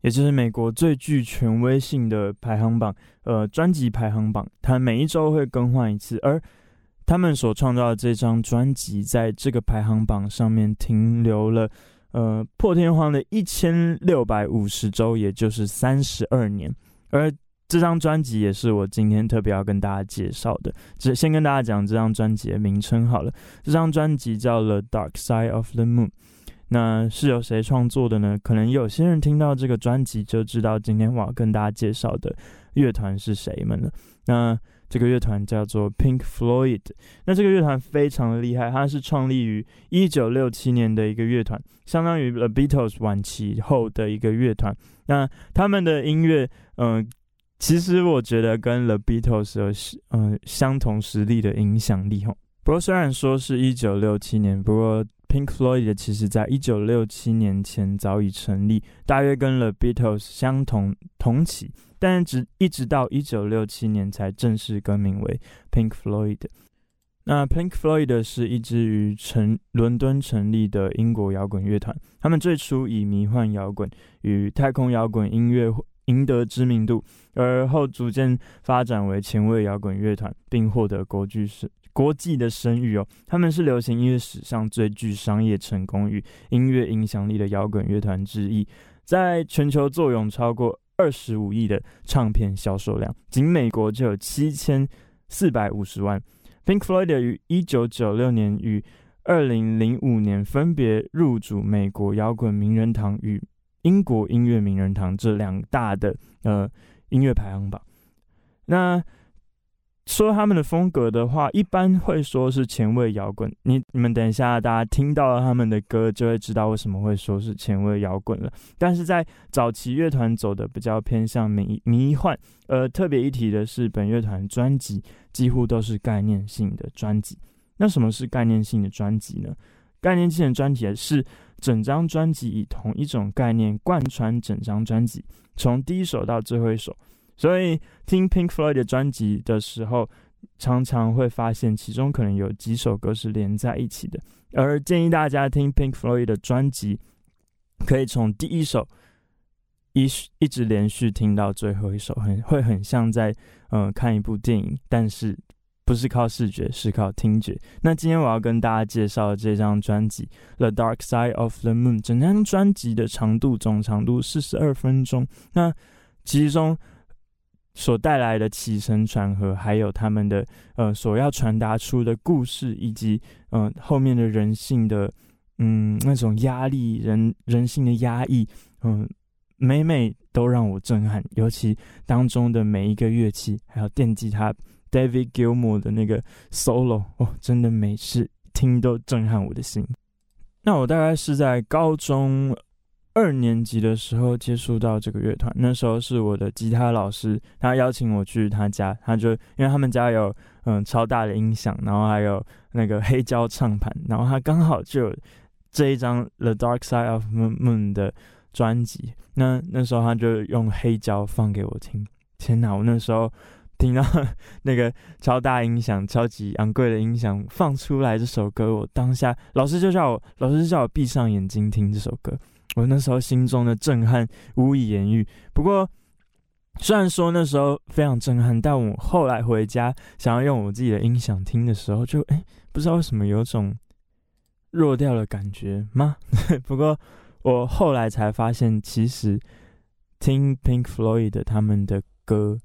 也就是美國最具權威性的排行榜，呃，專輯排行榜，它每一周會更換一次，而他們所創造的這張專輯，在這個排行榜上面停留了，呃，破天荒的一千六百五十週，也就是三十二年。而這張專輯也是我今天特別要跟大家介紹的。只先跟大家講這張專輯的名稱好了，這張專輯叫《The Dark Side of the Moon》。那是由誰創作的呢？可能有些人聽到這個專輯就知道今天我要跟大家介紹的樂團是誰們了。那這個樂團叫做 Pink Floyd，那這個樂團非常的厲害，它是創立於一九六七年的一個樂團，相當於 The Beatles 晚期後的一個樂團。那他們的音樂，嗯、呃，其實我覺得跟 The Beatles 有嗯、呃、相同實力的影響力吼。不過雖然說是一九六七年，不過 Pink Floyd 其實在一九六七年前早已成立，大約跟 The Beatles 相同同期。但只一直到一九六七年才正式更名為 Pink Floyd。那 Pink Floyd 是一支於成倫敦成立的英國搖滾樂團。他們最初以迷幻搖滾與太空搖滾音樂贏得知名度，而後逐漸發展為前衛搖滾樂團，並獲得國際聲國際的聲譽哦。他們是流行音樂史上最具商業成功與音樂影響力的搖滾樂團之一，在全球作用超過。二十五億的唱片銷售量，僅美國就有七千四百五十萬。Pink Floyd 於一九九六年與二零零五年分別入主美國搖滾名人堂與英國音樂名人堂這兩大的呃音樂排行榜。那說他們的風格的話，一般會說是前衛搖滾。你你們等一下，大家聽到了他們的歌，就會知道為什麼會說是前衛搖滾了。但是在早期樂團走的比較偏向迷迷幻。呃，特別一提的是，本樂團專輯幾乎都是概念性的專輯。那什麼是概念性的專輯呢？概念性的專輯是整張專輯以同一種概念貫穿整張專輯，從第一首到最後一首。所以聽 Pink Floyd 的專輯的時候，常常會發現其中可能有幾首歌是連在一起的。而建議大家聽 Pink Floyd 的專輯，可以從第一首一一直連續聽到最後一首，很會很像在嗯、呃、看一部電影，但是不是靠視覺，是靠聽覺。那今天我要跟大家介紹的這張專輯《The Dark Side of the Moon》，整張專輯的長度總長度四十二分鐘，那其中。所帶來的起承轉合，還有他們的呃所要傳達出的故事，以及嗯、呃、後面的人性的嗯那種壓力，人人性的壓抑，嗯、呃、每每都讓我震撼。尤其當中的每一個樂器，還有電吉他 David Gilmour 的那個 solo，哦，真的每次聽都震撼我的心。那我大概是在高中。二年級的時候接觸到這個樂團，那時候是我的吉他老師，他邀請我去他家，他就因為他們家有嗯超大的音響，然後還有那個黑膠唱盤，然後他剛好就有這一張《The Dark Side of the Moon》的專輯，那那時候他就用黑膠放給我聽。天哪！我那時候聽到那個超大音響、超級昂貴的音響放出來這首歌，我當下老師就叫我，老師就叫我閉上眼睛聽這首歌。我那時候心中的震撼無以言喻。不過，雖然說那時候非常震撼，但我後來回家想要用我自己的音響聽的時候就，就、欸、誒不知道為什麼有種弱掉的感覺嗎？不過我後來才發現，其實聽 Pink Floyd 的他們的歌，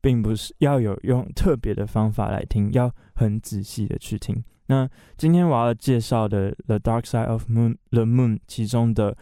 並不是要有用特別的方法來聽，要很仔細的去聽。那今天我要介紹的《The Dark Side of Moon》The Moon》其中的。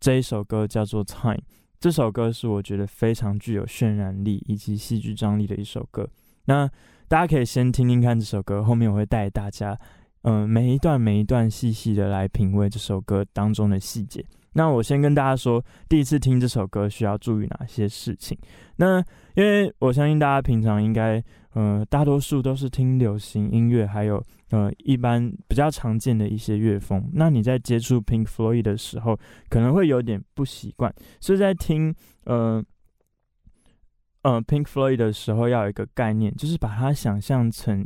這一首歌叫做《Time》，這首歌是我覺得非常具有渲染力以及戲劇張力的一首歌。那大家可以先聽聽看這首歌，後面我會帶大家，嗯、呃，每一段每一段細細的來品味這首歌當中的細節。那我先跟大家說，第一次聽這首歌需要注意哪些事情？那因為我相信大家平常應該，嗯、呃，大多數都是聽流行音樂，還有。呃，一般比較常見的一些樂風，那你在接觸 Pink Floyd 的時候，可能會有點不習慣。所以在聽呃呃 Pink Floyd 的時候，要有一個概念，就是把它想象成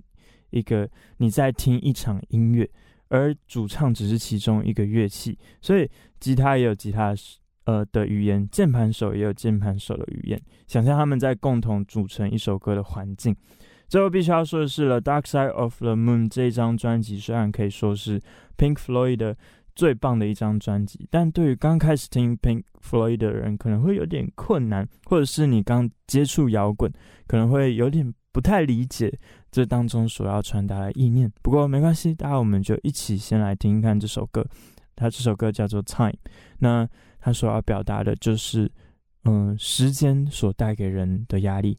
一個你在聽一場音樂，而主唱只是其中一個樂器。所以吉他也有吉他的呃的語言，鍵盤手也有鍵盤手的語言，想象他們在共同組成一首歌的環境。最後必須要說的是，《The Dark Side of the Moon》這一張專輯雖然可以說是 Pink Floyd 的最棒的一張專輯，但對於剛開始聽 Pink Floyd 的人可能會有點困難，或者是你剛接觸搖滾可能會有點不太理解這當中所要傳達的意念。不過沒關係，待會我們就一起先來聽聽看這首歌。它這首歌叫做《Time》，那它所要表達的就是，嗯、呃，時間所帶給人的壓力。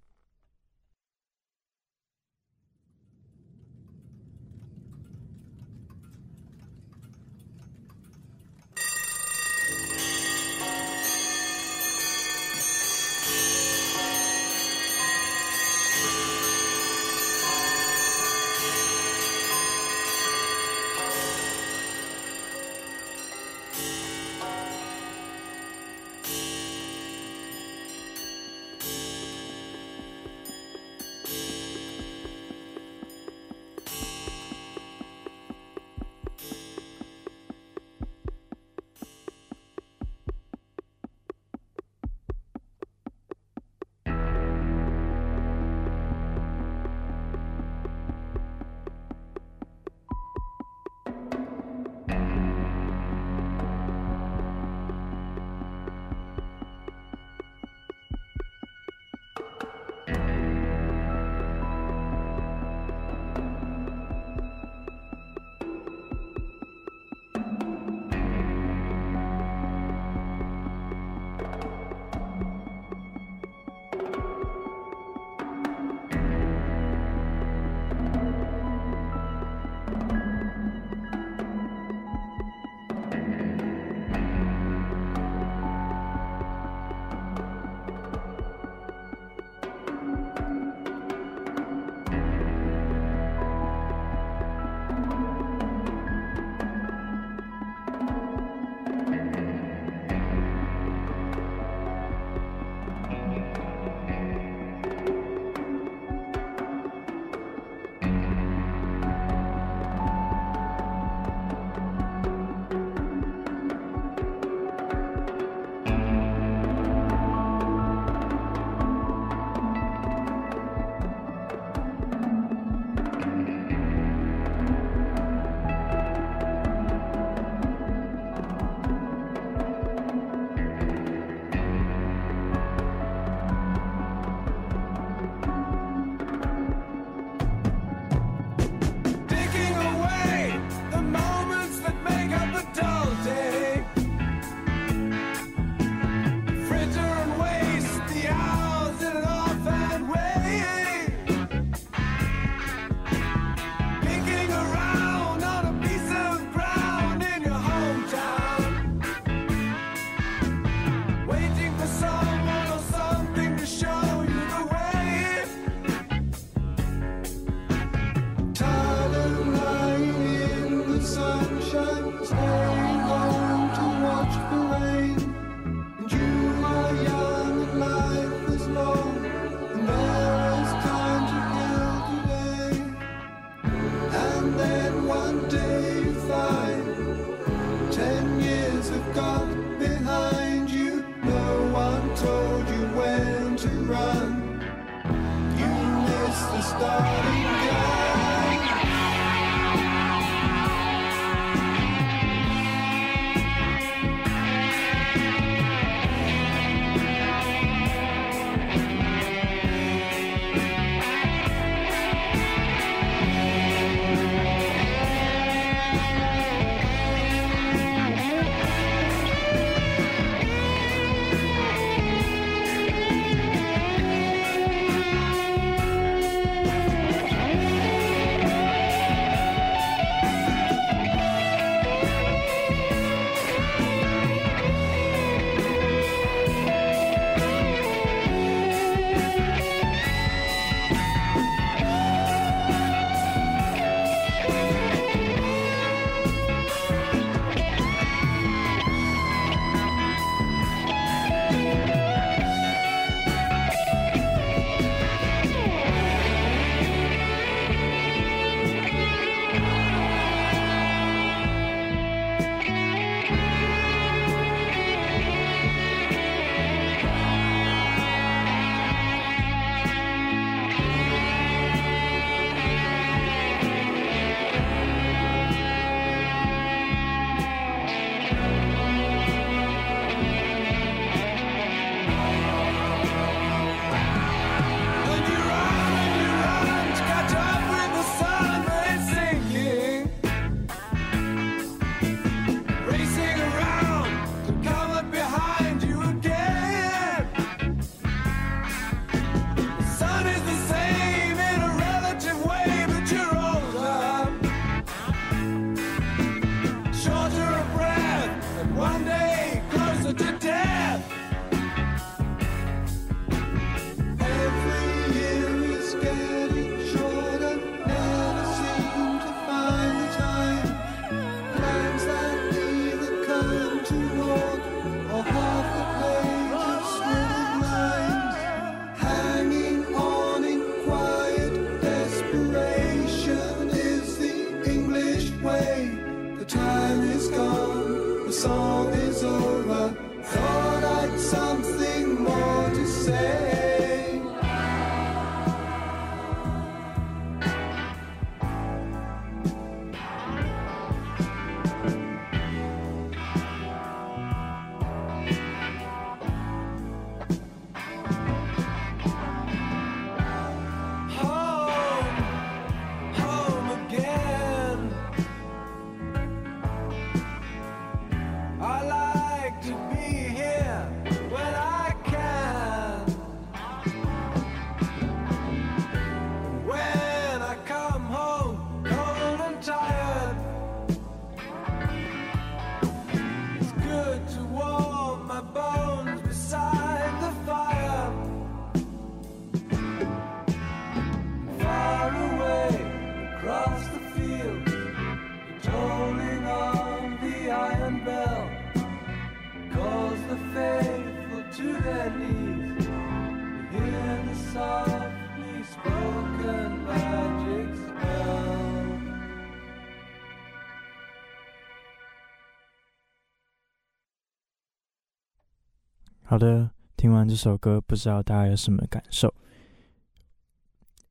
的，聽完這首歌，不知道大家有什麼感受？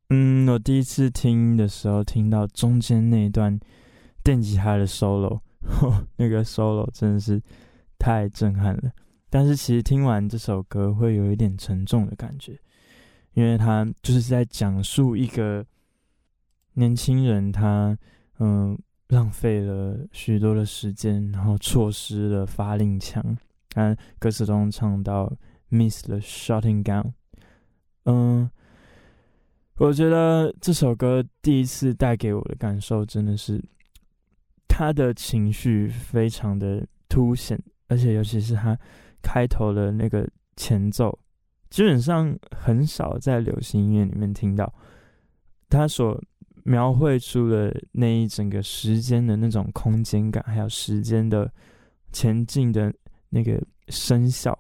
嗯，我第一次聽的時候，聽到中間那一段電吉他的 solo，那個 solo 真的是太震撼了。但是其實聽完這首歌，會有一點沉重的感覺，因為他就是在講述一個年輕人他，他嗯，浪費了許多的時間，然後錯失了發令槍。他歌詞中唱到 “Miss the shooting gun”，嗯，我覺得這首歌第一次帶給我的感受真的是，他的情緒非常的凸顯，而且尤其是他開頭的那個前奏，基本上很少在流行音樂裡面聽到。他所描繪出的那一整個時間的那種空間感，還有時間的前進的。那個聲效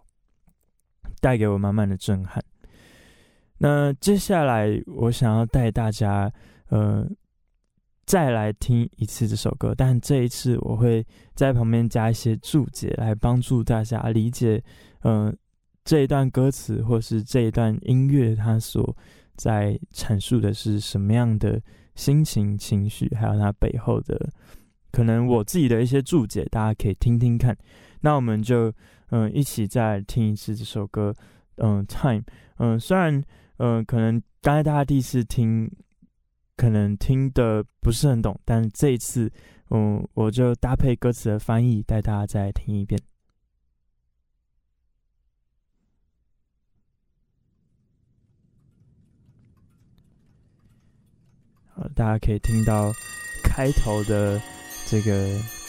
帶給我滿滿的震撼。那接下來我想要帶大家，呃，再來聽一次這首歌，但這一次我會在旁邊加一些註解，來幫助大家理解，呃，這一段歌詞或是這一段音樂它所在闡述的是什麼樣的心情情緒，還有它背後的可能我自己的一些註解，大家可以聽聽看。那我們就嗯、呃、一起再聽一次這首歌，嗯、呃，Time，嗯、呃，雖然嗯、呃、可能剛才大家第一次聽，可能聽的不是很懂，但這一次嗯、呃、我就搭配歌詞的翻譯帶大家再聽一遍，好，大家可以聽到開頭的這個。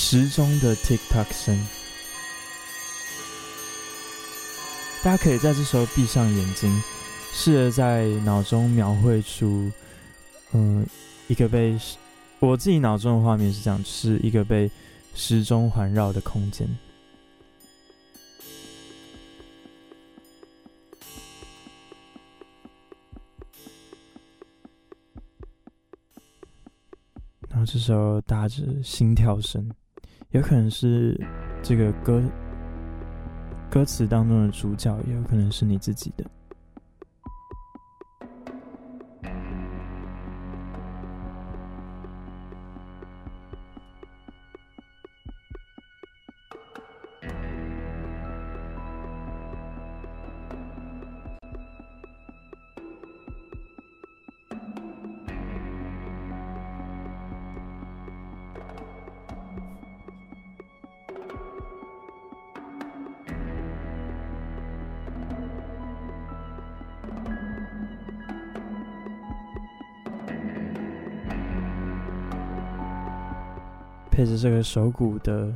時鐘的 tick tock 聲，大家可以在這時候閉上眼睛，試着在腦中描繪出，嗯，一個被，我自己腦中的畫面是這樣，是一個被時鐘環繞的空間。然後這時候搭着心跳聲。有可能是這個歌歌詞當中的主角，也有可能是你自己的。這個手鼓的，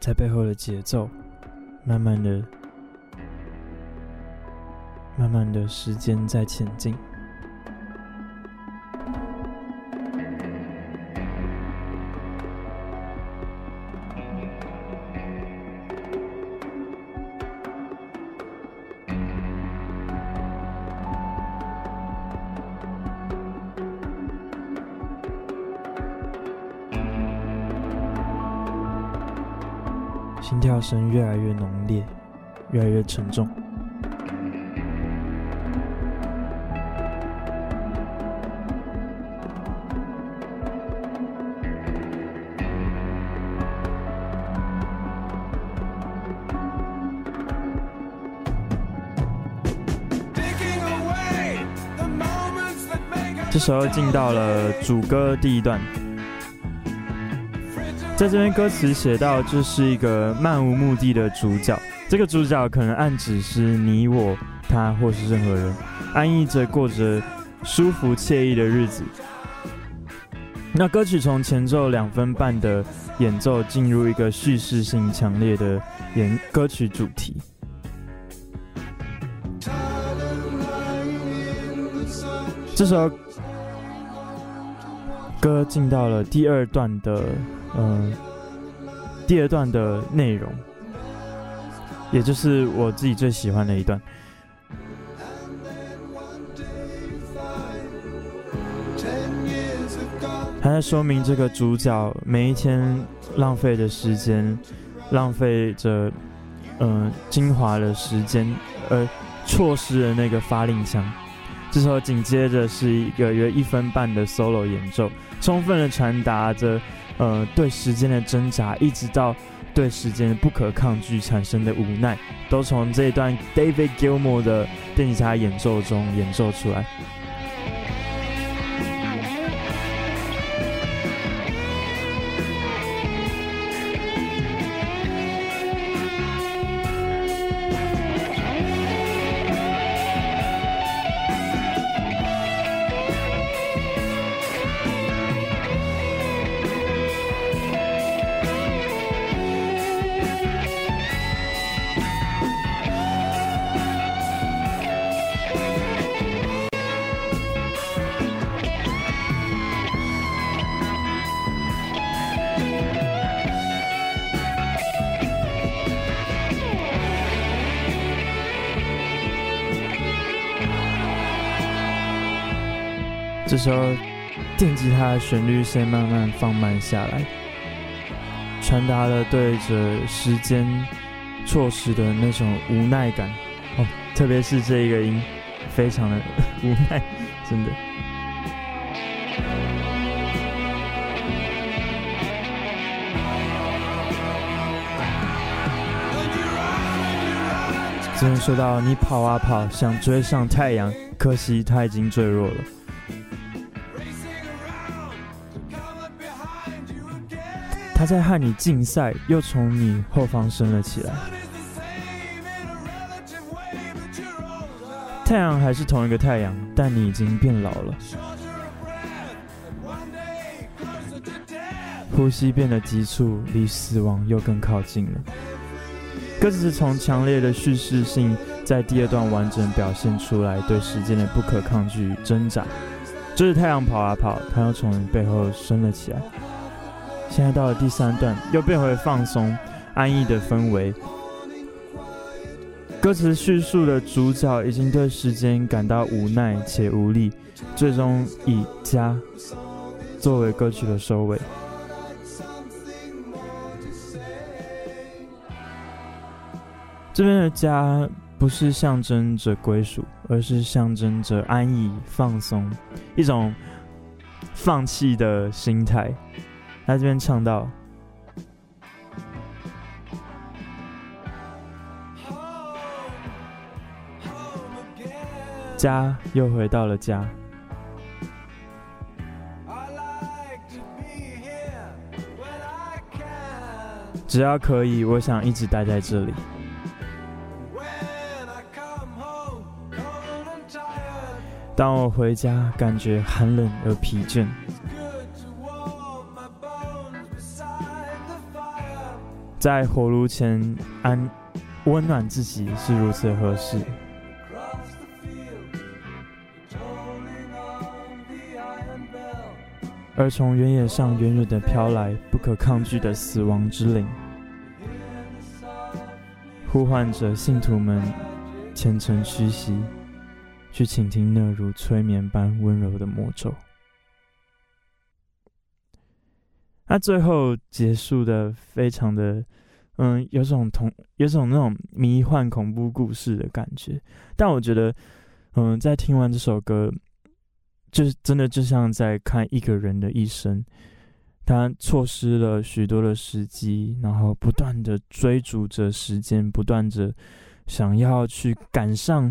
在背後的節奏，慢慢的、慢慢的時間在前進。聲越來越濃烈，越來越沉重。這時候進到了主歌第一段。在這邊歌詞寫到，這是一個漫無目的的主角，這個主角可能暗指是你、我、他或是任何人，安逸着過着舒服愜意的日子。那歌曲從前奏兩分半的演奏進入一個敘事性強烈的演歌曲主題。這首。歌進到了第二段的，嗯、呃，第二段的內容，也就是我自己最喜歡的一段。他在說明這個主角每一天浪費的時間，浪費着，嗯，精華的時間，呃，錯失了那個發令槍。之後緊接着是一個約一,一分半的 solo 演奏，充分的傳達着，呃，對時間的掙扎，一直到對時間不可抗拒產生的無奈，都從這一段 David Gilmour 的電吉他演奏中演奏出來。這時候，電吉他的旋律先慢慢放慢下來，傳達了對着時間錯失的那種無奈感。哦，特別是這一個音，非常的呵呵無奈，真的。之前說到你跑啊跑，想追上太陽，可惜它已經墜落了。他在和你競賽，又從你後方升了起來。太陽還是同一個太陽，但你已經變老了。呼吸變得急促，離死亡又更靠近了。歌詞從強烈的敘事性在第二段完整表現出來，對時間的不可抗拒掙扎。這、就是太陽跑啊跑，它又從你背後升了起來。現在到了第三段，又變回放鬆、安逸的氛圍。歌詞敘述的主角已經對時間感到無奈且無力，最終以家作為歌曲的收尾。這邊的家不是象徵着歸屬，而是象徵着安逸、放鬆，一種放棄的心態。他這邊唱到：“家，又回到了家，只要可以，我想一直待在這裡。When I come home，當我回家，感覺寒冷而疲倦。”在火爐前安溫暖自己是如此合適，而從原野上遠遠的飄來不可抗拒的死亡之鈴，呼喚着信徒們虔誠屈膝，去傾聽那如催眠般溫柔的魔咒。他最後結束的非常的，嗯，有種同有種那種迷幻恐怖故事的感覺。但我覺得，嗯，在聽完這首歌，就是真的就像在看一個人的一生，他錯失了許多的時機，然後不斷的追逐着時間，不斷的想要去趕上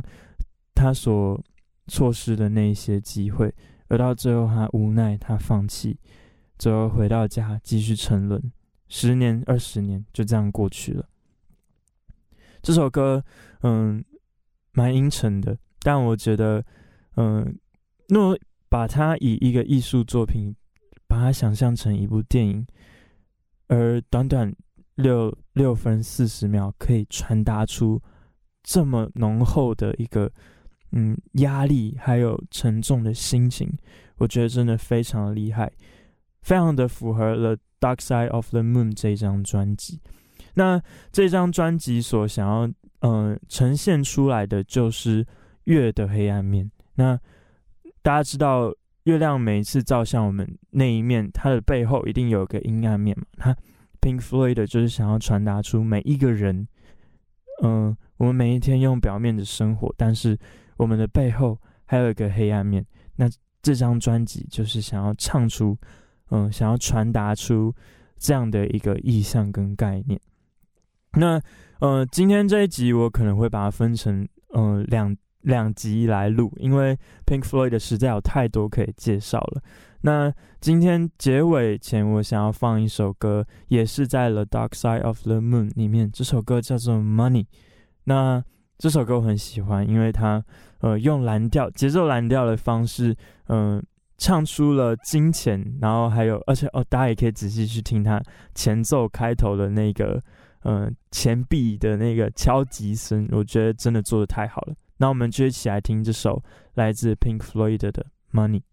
他所錯失的那些機會，而到最後，他無奈，他放棄。最後回到家繼續沉淪，十年二十年就這樣過去了。這首歌，嗯，蠻陰沉的，但我覺得，嗯，若把它以一個藝術作品，把它想象成一部電影，而短短六六分四十秒可以傳達出這麼濃厚的一個嗯，壓力還有沉重的心情，我覺得真的非常的厲害。非常的符合了《The Dark Side of the Moon》這張專輯。那這張專輯所想要，嗯、呃，呈現出來的就是月的黑暗面。那大家知道，月亮每一次照向我們那一面，它的背後一定有個陰暗面嘛。它 Pink Floyd 就是想要傳達出每一個人，嗯、呃，我們每一天用表面的生活，但是我們的背後還有一個黑暗面。那這張專輯就是想要唱出。嗯、呃，想要傳達出這樣的一個意象跟概念。那呃，今天這一集我可能會把它分成嗯兩兩集來錄，因為 Pink Floyd 的實在有太多可以介紹了。那今天結尾前，我想要放一首歌，也是在《The Dark Side of the Moon》裡面，這首歌叫做《Money》。那這首歌我很喜歡，因為它呃用藍調節奏藍調的方式，嗯、呃。唱出了金錢，然後還有，而且哦，大家也可以仔細去聽他前奏開頭的那個，嗯、呃，錢幣的那個敲擊聲，我覺得真的做得太好了。那我們就一起來聽這首來自 Pink Floyd 的 Money。